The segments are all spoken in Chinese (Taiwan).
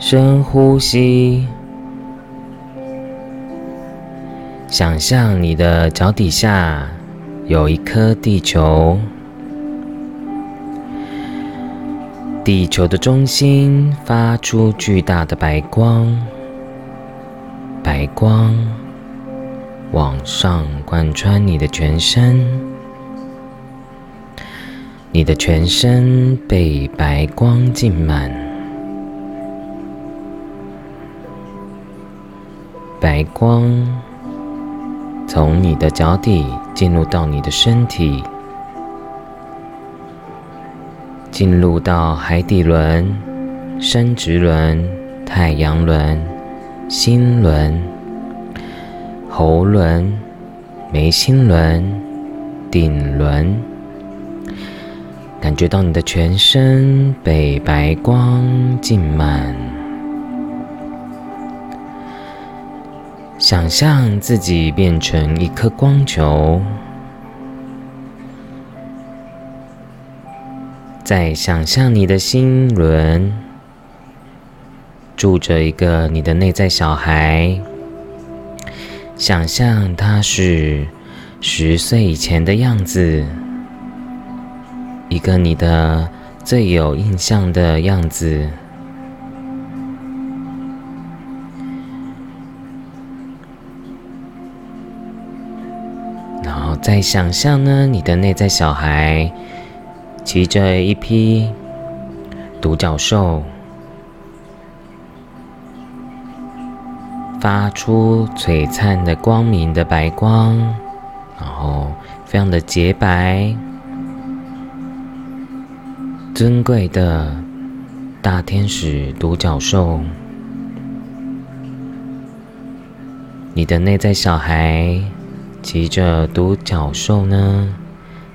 深呼吸，想象你的腳底下有一顆地球，地球的中心發出巨大的白光，白光往上貫穿你的全身，你的全身被白光浸滿。白光從你的腳底進入到你的身體，進入到海底輪、生殖輪、太陽輪、心輪、喉輪、眉心輪、頂輪，感覺到你的全身被白光浸滿。想象自己變成一顆光球，再想象你的心輪住着一個你的內在小孩，想象他是十歲以前的樣子，一個你的最有印象的樣子。在想象呢，你的內在小孩騎着一匹獨角獸，發出璀璨的光明的白光，然後非常的潔白、尊貴的大天使獨角獸，你的內在小孩。騎着獨角獸呢，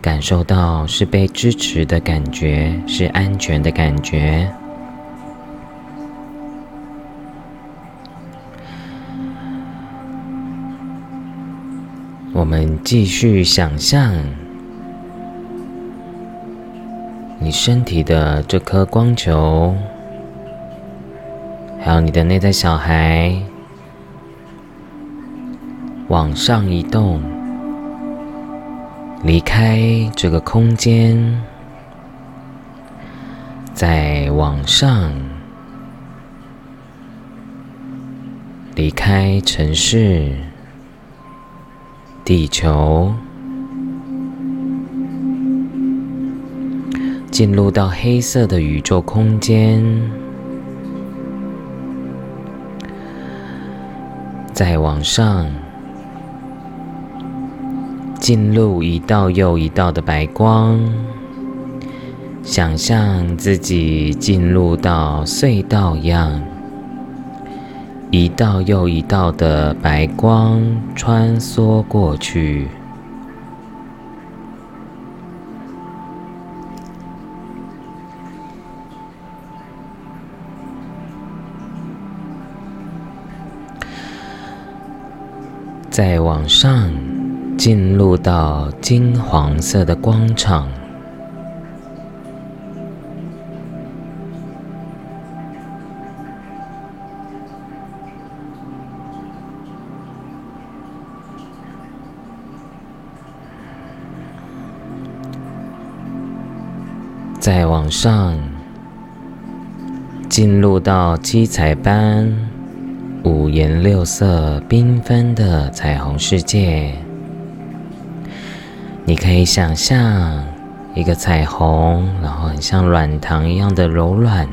感受到是被支持的感覺，是安全的感覺。我們繼續想象，你身體的這顆光球，還有你的內在小孩。往上移動，離開這個空間，再往上，離開城市、地球，進入到黑色的宇宙空間，再往上。進入一道又一道的白光，想象自己進入到隧道一樣，一道又一道的白光穿梭過去，再往上。進入到金黃色的光場，再往上，進入到七彩斑斕、五顏六色、繽紛的彩虹世界。你可以想象一個彩虹，然後很像軟糖一樣的柔軟。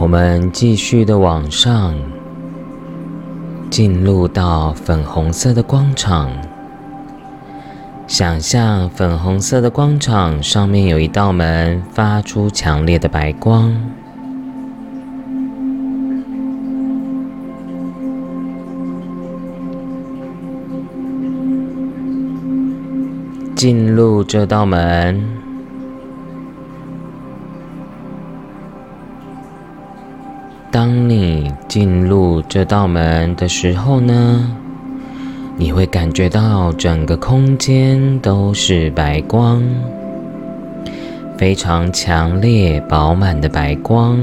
我們繼續的往上。進入到粉紅色的光場，想象粉紅色的光場上面有一道門，發出強烈的白光，進入這道門。當你進入這道門的時候呢，你會感覺到整個空間都是白光，非常強烈、飽滿的白光，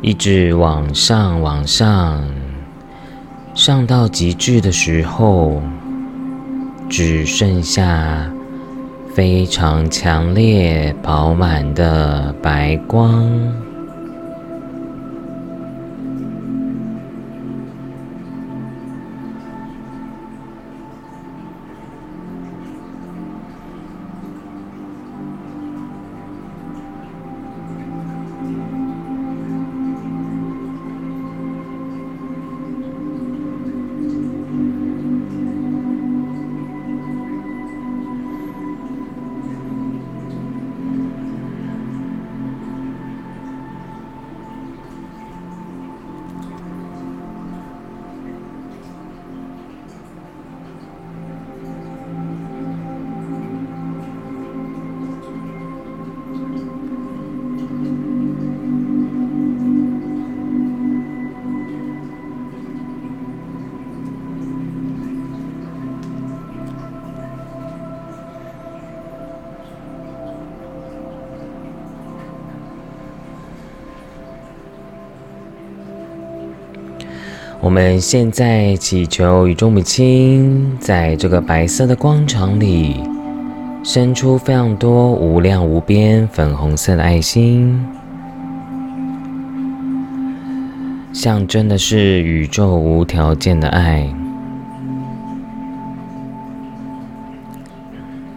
一直往上、往上，上到極致的時候。只剩下非常強烈、飽滿的白光。我們現在祈求宇宙母親在這個白色的光場裡，伸出非常多無量無邊粉紅色的愛心，象徵的是宇宙無條件的愛。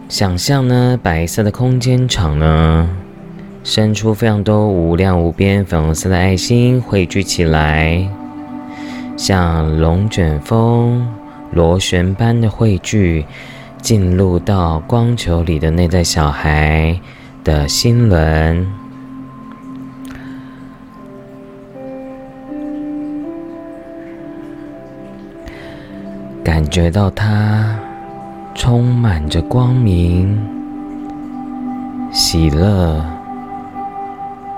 想象呢，白色的空間場呢，伸出非常多無量無邊粉紅色的愛心匯聚起來。像龍捲風、螺旋般的匯聚，進入到光球裡的內在小孩的心輪，感覺到它充滿着光明、喜樂、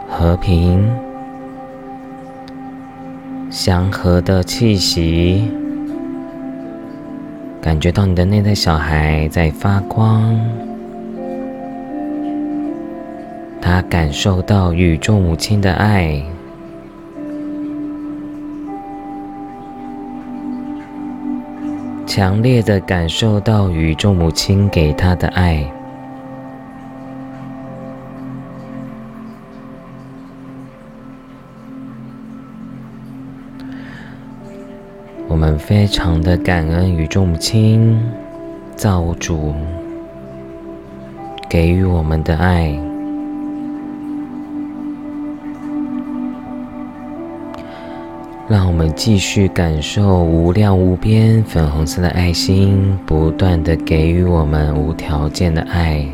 和平。祥和的氣息，感覺到你的內在小孩在發光，他感受到宇宙母親的愛，強烈的感受到宇宙母親給他的愛。非常的感恩宇宙母親、造物主給予我們的愛，讓我們繼續感受無量無邊粉紅色的愛心，不斷的給予我們無條件的愛。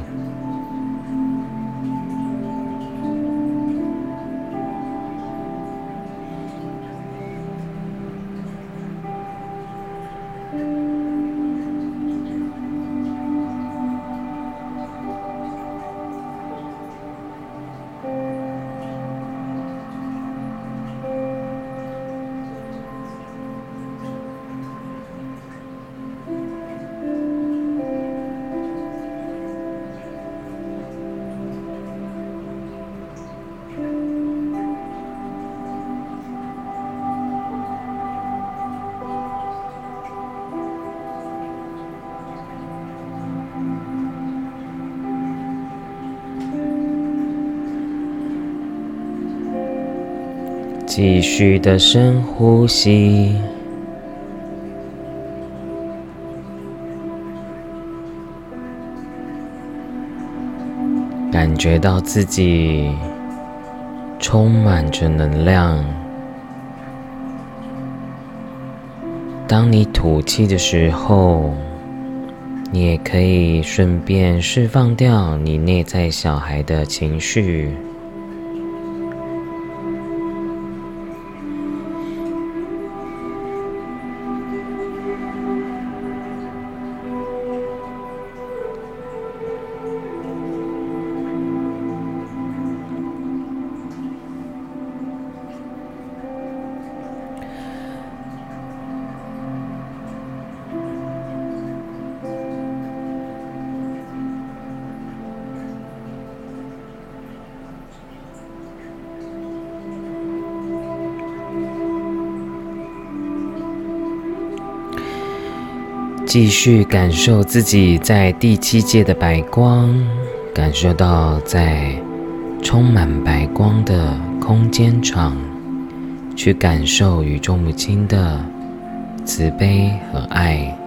繼續的深呼吸，感覺到自己充滿着能量。當你吐氣的時候，你也可以順便釋放掉你內在小孩的情緒。繼續感受自己在第七界的白光，感受到在充滿白光的空間場，去感受宇宙母親的慈悲和愛。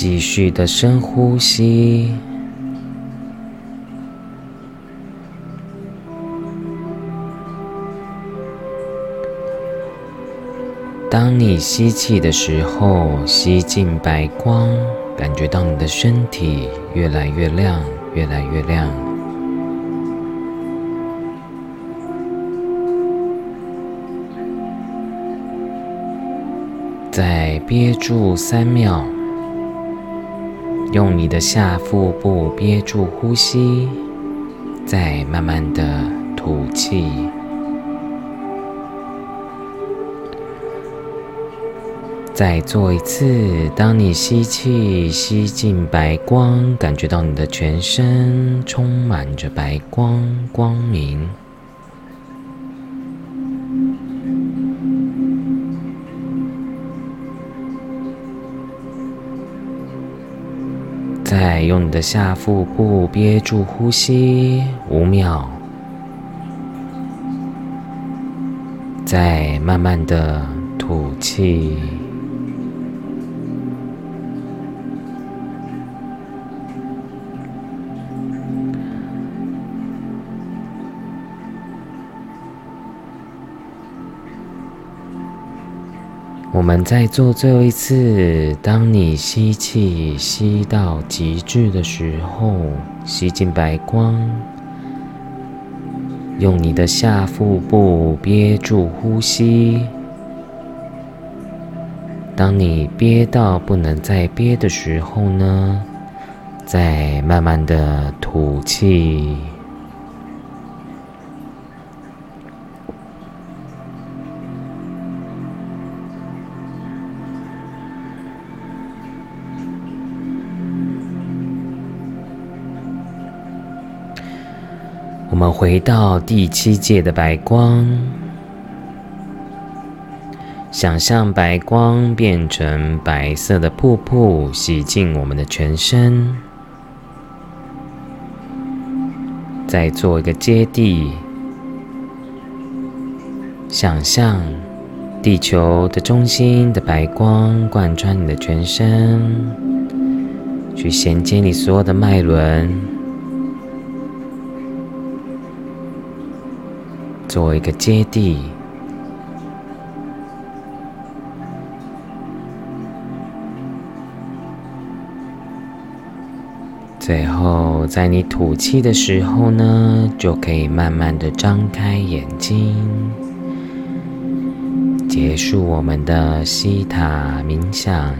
繼續的深呼吸。當你吸氣的時候，吸進白光，感覺到你的身體越來越亮，越來越亮。再憋住三秒。用你的下腹部憋住呼吸，再慢慢的吐氣。再做一次，當你吸氣，吸進白光，感覺到你的全身充滿着白光，光明。再用你的下腹部憋住呼吸五秒，再慢慢的吐氣。我們再做最後一次。當你吸氣吸到極致的時候，吸進白光，用你的下腹部憋住呼吸。當你憋到不能再憋的時候呢，再慢慢的吐氣。我們回到第七界的白光，想象白光變成白色的瀑布，洗淨我們的全身。再做一個接地，想象地球的中心的白光貫穿你的全身，去銜接你所有的脈輪。做一個接地，最後在你吐氣的時候呢，就可以慢慢的張開眼睛，結束我們的希塔冥想。